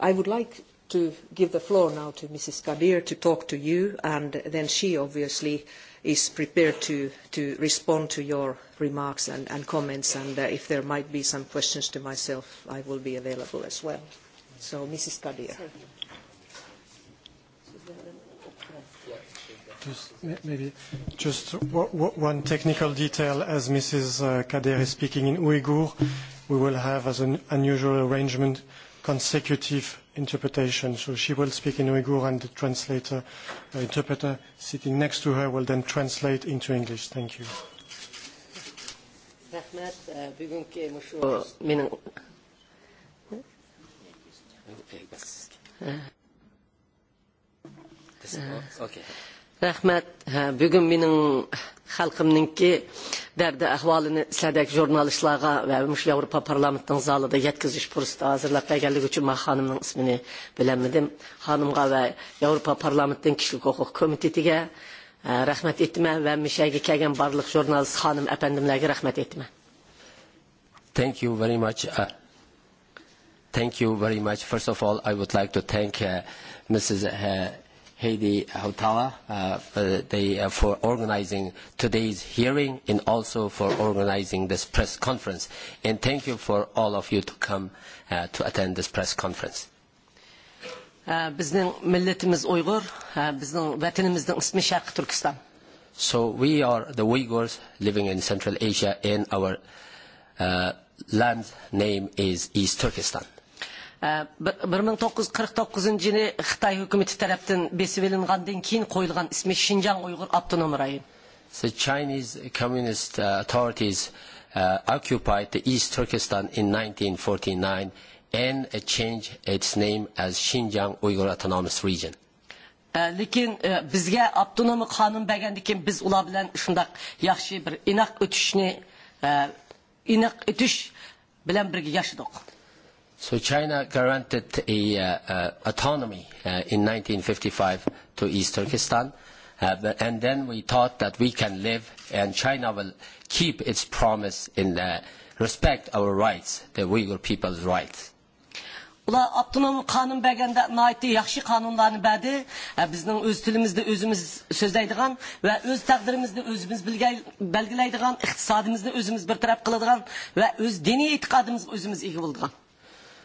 i would like to give the floor now to Mrs. Kadir to talk to you, and then she obviously is prepared to, to respond to your remarks and, and comments, and uh, if there might be some questions to myself, I will be available as well. So, Mrs. Kadir. Just maybe just one technical detail. As Mrs. Uh, Kadir is speaking in Uyghur, we will have, as an unusual arrangement, consecutive interpretation. So she will speak in Uyghur and the translator, the uh, interpreter sitting next to her will then translate into English. Thank you. Rahmat, uh, bugünkü Rahmat, bugün menin derdi ahvalini sizlardagi jurnalistlarga va shu yevropa parlamentining zalida yetkazish fursati hozirlab berganligi uchun man xonimning ismini bilolmadim xonimga va yevropa parlamentining kishilik huquq komitetiga e, rahmat aytaman va mishaga kelgan barliq jurnalist xonim apandimlarga rahmat aytaman thank you very much uh, thank you very much first of all i would like to thank uh, mrs uh, Heidi Hautala uh, for, the, uh, for organizing today's hearing and also for organizing this press conference. And thank you for all of you to come uh, to attend this press conference. Uh, bizning millatimiz Uyg'ur, uh, bizning vatanimizning ismi Sharq Turkiston. So we are the Uyghurs living in Central Asia and our uh, land name is East Turkestan bir ming to'qqiz yuz qirq to'qqizinchi yili xitoy hukumati tarafdan besib ilingandan keyin qo'yilgan ismi shinjang uyg'ur abtonom rayon the chinese communist э, authorities uh, occupied the east turkestan in 1949 and changed its name as xinjiang uyghur autonomous region э, lekin bizga avtonomiya qonun bergandan keyin biz ular bilan shundoq yaxshi bir inoq o'tishni inoq o'tish bilan birga yashadik So China granted a, uh, uh, autonomy uh, in 1955 to East Turkestan. Uh, but, and then we thought that we can live and China will keep its promise in uh, respect our rights, the Uyghur people's rights. Ular abtonom qonun berganda noiti yaxshi qonunlarni berdi. Bizning o'z tilimizda o'zimiz so'zlaydigan va o'z taqdirimizni o'zimiz belgilaydigan, iqtisodimizni o'zimiz bir taraf qiladigan va o'z diniy e'tiqodimizga o'zimiz ega bo'ladigan.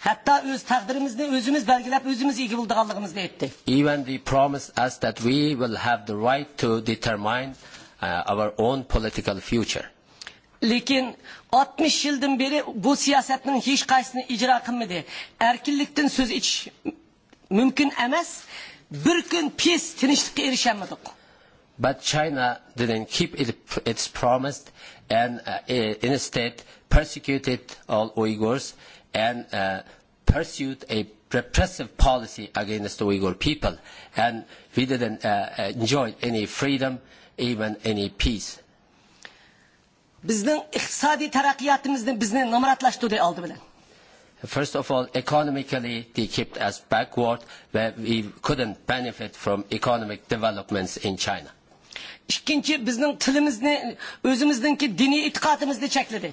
Hatta öz takdirimizni özümüz belgilep özümüz iyi bulduğumuzunu etti. Even they promised us that we will have the right to determine uh, our own political future. Lekin 60 yıldan beri bu siyasetin hiç kaysını icra kılmadı. Erkinlikten söz iç mümkün emez. Bir gün pis tinçlikte erişemedik. But China didn't keep it, its promise and uh, instead persecuted all Uyghurs and uh, pursued a repressive policy against the Uyghur people. And we didn't uh, uh enjoy any freedom, even any peace. First of all, economically, they kept us backward, where we couldn't benefit from economic developments in China. İkinci, bizning tilimizni, o'zimizningki diniy e'tiqodimizni chekladi.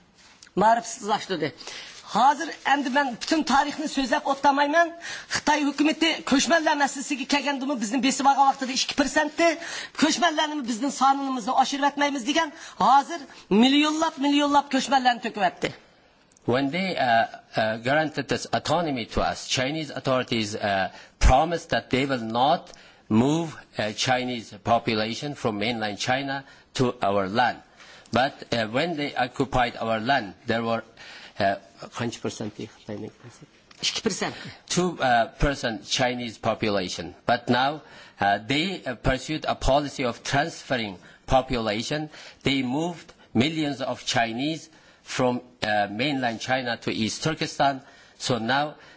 marifsizlaştırdı. Hazır endi ben bütün tarihini sözlep otlamayman. Xitay hükümeti köşmeller meselesiga kelgandimi bizni besib algan 2 2%ni, köşmellerni bizning sonimizni oshirib atmaymiz degan, hozir millionlab millionlab köşmellerni to'kib atdi. When they uh, uh, granted this autonomy to us, Chinese authorities uh, promised that they will not move uh, Chinese population from mainland China to our land But uh, when they occupied our land, there were uh, 2% uh, percent Chinese population. But now uh, they uh, pursued a policy of transferring population. They moved millions of Chinese from uh, mainland China to East Turkestan. So now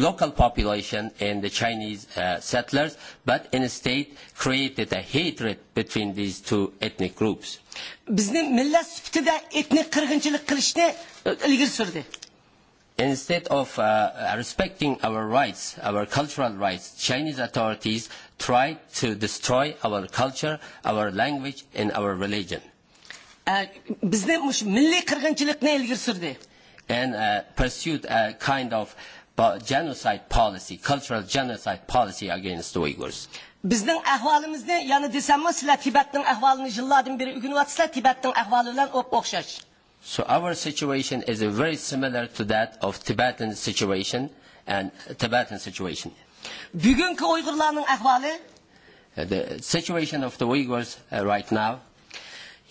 local population and the Chinese uh, settlers, but instead created a hatred between these two ethnic groups. Uh, instead of uh, uh, respecting our rights, our cultural rights, Chinese authorities tried to destroy our culture, our language, and our religion. Uh, and uh, pursued a kind of genocide policy, cultural genocide policy against Uyghurs. Bizning ne? ya'ni desammi, sizlar Tibetning biri ügünü atsa o'rganyapsizlar, ahvalı olan o o'xshash. So our situation is very similar to that of Tibetan situation and uh, Tibetan situation. Bugungi Uyg'urlarning ahvalı? Uh, the situation of the Uyghurs uh, right now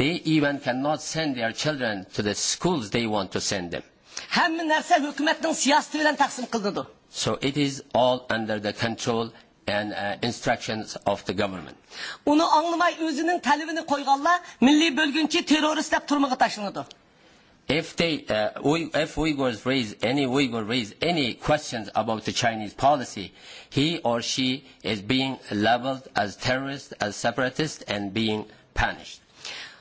They even cannot send their children to the schools they want to send them. So it is all under the control and uh, instructions of the government. Уны аңламай үзенең талабын койганлар милли бөлгүнче террорист дип турмага If they, uh, we, if Uyghurs raise any Uyghur raise any questions about the Chinese policy, he or she is being labeled as terrorist, as separatist, and being punished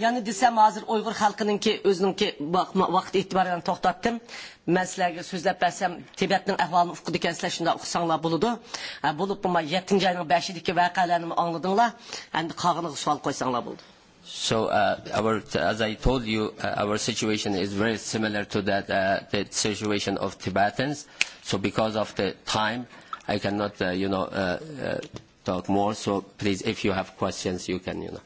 Yani desem hazır Uygur halkının ki özünün ki vakit itibariyle toxtattım. Mən sizlərə sözlə bərsəm Tibetnin əhvalını oxudu ikən sizlər şunda oxusanlar buludu. E, bulub buma 7-ci ayının 5-idəki vəqələrini anladınlar. Əndi qağınıza sual qoysanlar buludu. So uh, our, as I told you, uh, our situation is very similar to that uh, the situation of Tibetans. So because of the time, I cannot, uh, you know, uh, uh, talk more. So please, if you have questions, you can, you know.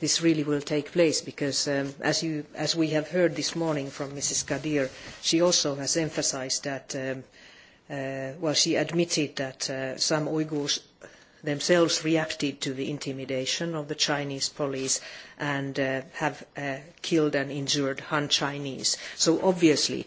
this really will take place because um, as, you, as, we have heard this morning from Mrs. Kadir, she also has emphasised that, um, uh, well, she admitted that uh, some Uyghurs themselves reacted to the intimidation of the Chinese police and uh, have uh, killed and injured Han Chinese. So obviously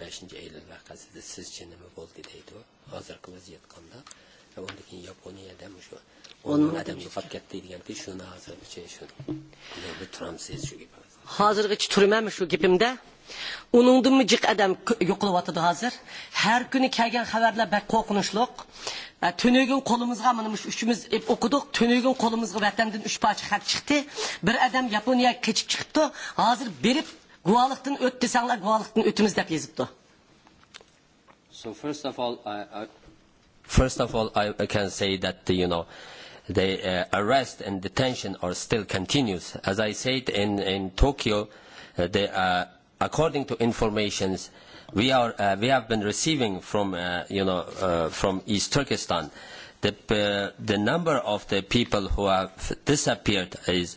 beshinchi iyul vaqasida sizcha nima bo'ldi deydi u hozirgi vaziyat qandoq undan keyin yaponiyada shu o'n ming odam yo'qolib ketdi deganki shuni hozirgacha shuni turamiz shu hozirgacha turmam shu gapimda uningdimi jiq odam yo'qolyotdi hozir har kuni kelgan xabarlar bak qo'rqinchliq tunugin qo'limizga mana shu uchimiz o'qidik tunugin qo'limizga vatandan uch pocha xat chiqdi bir odam yaponiyaga kechib chiqibdi hozir berib guvalıktan öt desenler guvalıktan ötümüz dep yazıptı. So first of all, I, I, first of all, I can say that you know the uh, arrest and detention are still continues. As I said in in Tokyo, uh, the, uh, according to informations we are uh, we have been receiving from uh, you know uh, from East Turkestan, the uh, the number of the people who have disappeared is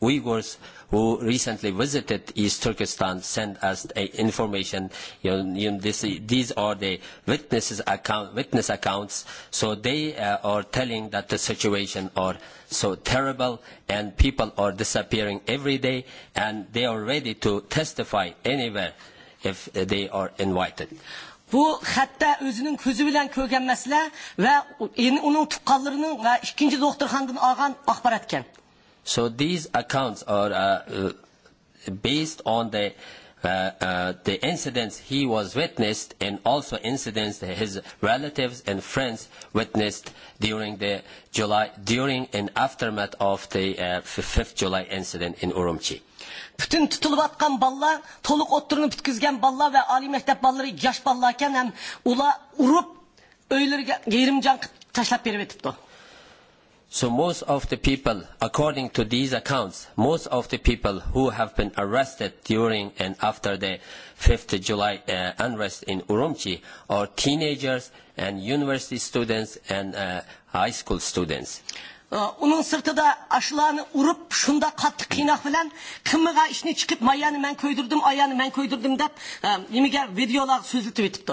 Uyghurs who recently visited East Turkestan sent us information. You know, you know, this, these are the witnesses account, witness accounts. So they uh, are telling that the situation are so terrible and people are disappearing every day and they are ready to testify anywhere if they are invited. Bu So these accounts are uh, uh, based on the uh, uh, the incidents he was witnessed and also incidents that his relatives and friends witnessed during the July during and aftermath of the uh, 5th July incident in Urumqi. Bütün tutuluvatkan ballar, toluk otturunu bitkizgen ballar ve ali mektep balları yaş ballarken hem ula urup öylürge yerimcan taşlap beri vetipti. So most of the people, according to these accounts, most of the people who have been arrested during and after the 5th July uh, unrest in Urumqi are teenagers and university students and uh, high school students. Onun sırtı da aşılarını urup şunda katı kıynak filan kımığa işine çıkıp mayanı men köydürdüm, ayanı men köydürdüm deyip e, yemeğe videolar sözültü bitipti.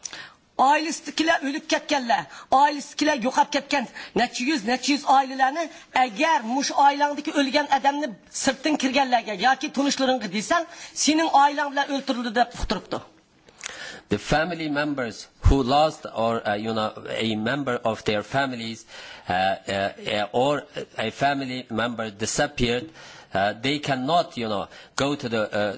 oilasidagilar o'lib ketganlar oilasidagilar yo'qolib ketken, necha yuz necha yuz ailelerini, eğer muş oilangdagi o'lgan odamni sirtdan kirgenlerge, ya ki desang sening senin ailenle o'ltirildi de kuturuptu. the family members who lost or uh, you know a member of their families uh, uh, uh or a family member disappeared uh, they cannot you know go to the uh,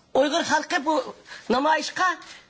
Uyghur halkı bu namayışka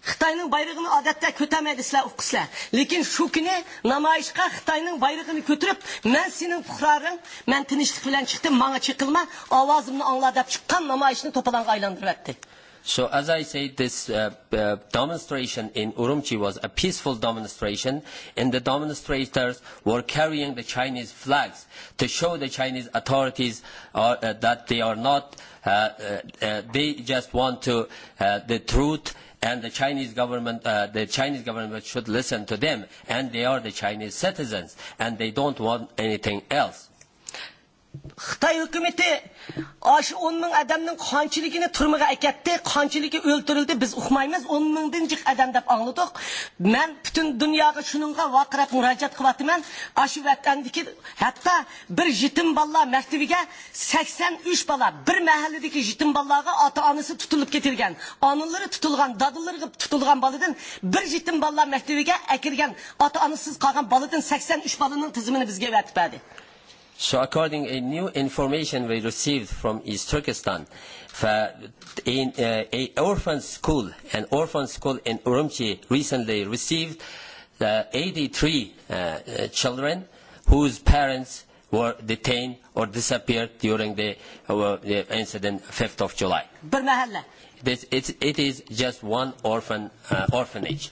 Xitayning bayrog'ini odatda ko'tarmaydi sizlar o'qisizlar lekin shu kuni namoyishga xitoyning bayrog'ini ko'tarib man sening puhroring man tinchlik bilan chiqdim manga chiqilma ovozimni angla deb chiqqan namoyishni to'polonga aylantiryapti So as I say, this uh, uh, demonstration in Urumqi was a peaceful demonstration, and the demonstrators were carrying the Chinese flags to show the Chinese authorities are, uh, that they are not, uh, uh, uh, they just want to, uh, the truth and the Chinese government, uh, the Chinese government should listen to them, and they are the Chinese citizens, and they don't want anything else xitoy hukumati shu o'n ming odamning qanchiligini turmaga akatdi qanchaligi o'ltirildi biz uqmaymiz o'n mingdan jiq odam deb angladiq man butun dunyoga shuninga vaqirab murojaat qilyaptiman shu vatandiki hatto bir yetim bolalar maktabiga sakson uch bola bir mahalladagi yetim bolalarga ata onasi tutilib ketilgan onalari tutilgan dadilari tutilgan boladan bir yetim bolalar maktabiga akirgan ota onasiz qolgan 83 sakson uch bolaning tizimini bizga vatibadi So according a new information we received from East Turkestan, in uh, a orphan school, an orphan school in Urumqi recently received uh, 83 uh, children whose parents were detained or disappeared during the, uh, the incident 5th of July. This, it, it is just one orphan uh, orphanage.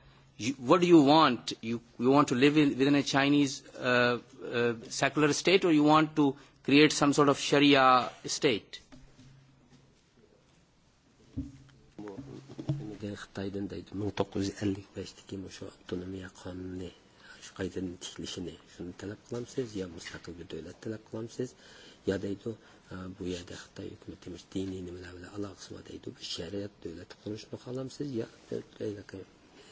you, what do you want? You, you want to live in, within a Chinese uh, uh, secular state or you want to create some sort of Sharia state? xitoydan ming to'qqiz yuz ellik avtonomiya qonuni shu qaytadan shuni talab yo mustaqil bir davlat talab yo deydi bu yerda xitoy hukumati diniy nimalar bilan aloqasi bor deydi shariat qurishni xohlamsiz yo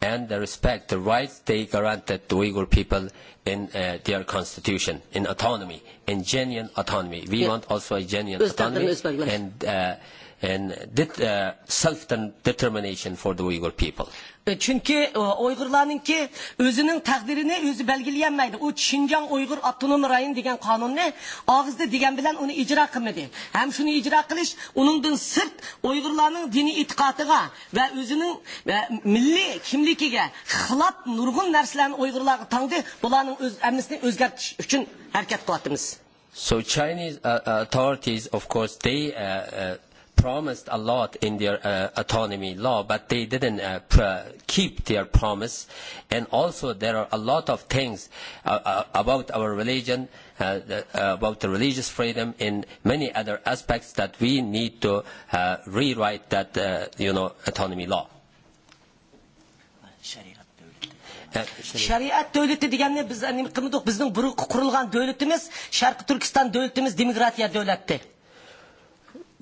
and the respect the rights they granted the Uyghur people in uh, their constitution, in autonomy, in genuine autonomy. We yeah. want also a genuine autonomy. And uh, and det, uh, self-determination for the Uyghur people. E, çünkü e, Uygurların ki özünün takdirini özü belgileyemeydi. O Çincan Uygur Abdunum Rayın diyen kanun ne? Ağızda diyen bilen onu icra kımedi. Hem şunu icra kılış, onun onundan sırt Uygurların dini itikatıga ve özünün ve milli kimlikige hılat nurgun derslerini Uygurlarına tanıdı. Bunların öz, emnisini özgertiş için hareket kılattınız. So Chinese uh, uh, authorities, of course, they uh, uh, promised a lot in their uh, autonomy law, but they didn't uh, pr- keep their promise. And also, there are a lot of things uh, uh, about our religion, uh, the, uh, about the religious freedom, and many other aspects that we need to uh, rewrite that uh, you know autonomy law. шариат дәулеті дегенне біз әне қымдық біздің бұрын құрылған дәулетіміз шарқы түркістан дәулетіміз демократия дәулеті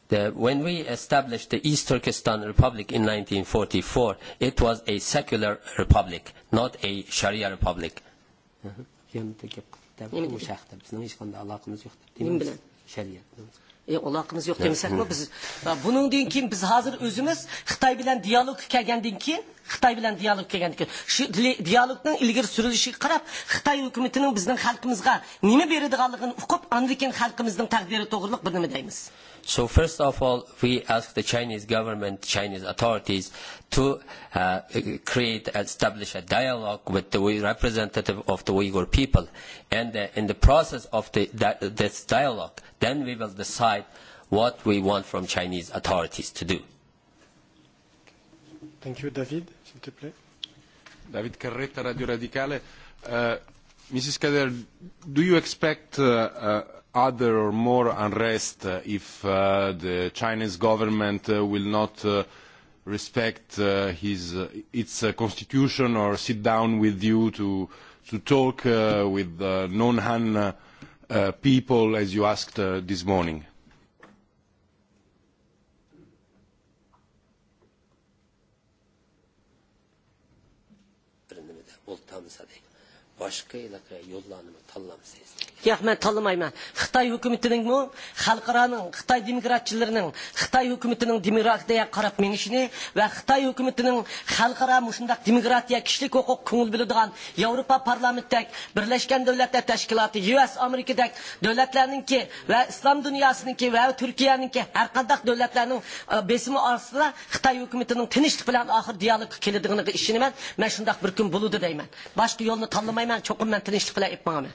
The, when we established the East Turkestan Republic in 1944, it was a secular republic, not a Sharia republic. aloqamiz yo'q demasakmi biz buningdan keyin biz hazır özümüz xitoy bilen diyalog kelgandan keyin Xitay bilan dialog kelgandiki shu dialogning ilgari surilishiga qarab Xitay hukumatining bizning xalqimizga nima beradiganligini uqib andan xalqimizning taqdiri to'g'riliq bir nima deymiz So first of all, we ask the Chinese government, Chinese authorities to uh, create, and establish a dialogue with the representative of the Uyghur people. And uh, in the process of the, that, this dialogue, then we will decide what we want from Chinese authorities to do. Thank you, David. David Carretta, Radio Radicale. Uh, Mrs. Kader, do you expect uh, uh, other or more unrest uh, if uh, the Chinese government uh, will not uh, respect uh, his, uh, its uh, constitution or sit down with you to, to talk uh, with uh, non-Han uh, uh people as you asked uh, this morning? boshqa yo'llanma tanlamasangiz yo'q man tanlamayman xitoy hukumatiningmi xalqaroning xitoy demokratchilarining xitoy hukumatining demokratiyaga qarab minishini va xitoy hukumatining xalqaro shundoq demokratiya kishilik huquq ko'ngil biladigan yevropa parlamentdak birlashgan davlatlar tashkiloti us amerikadak davlatlarninki va islom dunyosiniki va turkiyaniki har qandaq davlatlarning besimi ostida xitoy hukumatining tinchlik bilan oxir dialogga keladiganiga ishonaman man shundoq bir kun bo'ludi deyman boshqa yo'lni tanlamayman cho'qim man tinchlik bilan ep boraman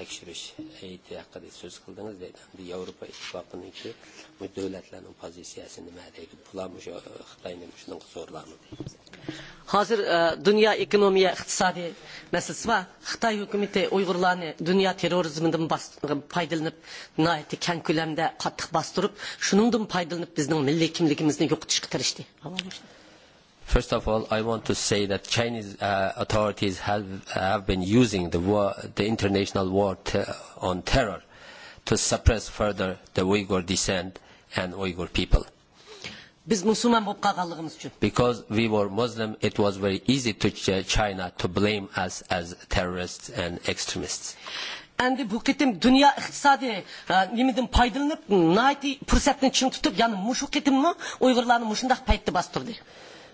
tekshirish hayiti haqida so'z qildingiz deydi endi yevropa ittifoqiniki bu davlatlarning pozitsiyasi nima deydi bular shu e, xitoyni shunaqa zo'rlarmi hozir e, dunyo ekonomiya iqtisodiy masalasi bor xitoy hukumati uyg'urlarni dunyo terrorizmidan foydalanib nihoyatda kang ko'lamda qattiq bostirib shundan foydalanib bizning milliy kimligimizni yo'qotishga tirishdi First of all, I want to say that Chinese uh, authorities have, have been using the, war, the international war te on terror to suppress further the Uyghur descent and Uyghur people. Because we were Muslim, it was very easy to ch- China to blame us as terrorists and extremists. endi bu ketim dunyo iqtisodiy nimadan e, foydalanib nati fursatni chin tutib ya'ni mushu ketimni uyg'urlarni mushundaq paytda bostirdi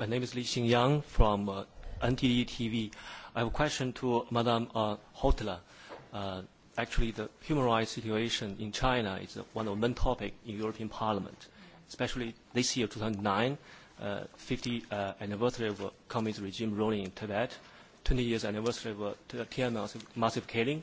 my name is Li Xingyang from uh, NTD TV. I have a question to Madame uh, Hotla. Uh, actually, the human rights situation in China is one of the main topics in European Parliament, especially this year, 2009, uh, 50 uh, anniversary of the communist regime ruling in Tibet, 20 years anniversary of uh, Tiananmen massive killing,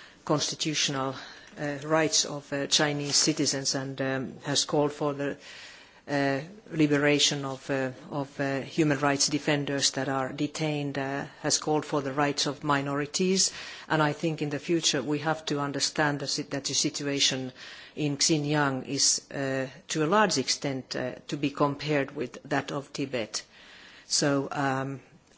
constitutional uh, rights of uh, Chinese citizens and um, has called for the uh, liberation of, uh, of uh, human rights defenders that are detained, uh, has called for the rights of minorities. And I think in the future we have to understand that the situation in Xinjiang is to a large extent to be compared with that of Tibet. So um,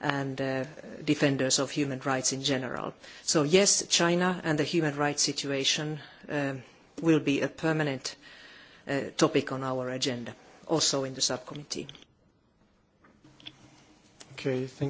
and uh, defenders of human rights in general. So yes, China and the human rights situation uh, will be a permanent uh, topic on our agenda, also in the subcommittee. Okay, thank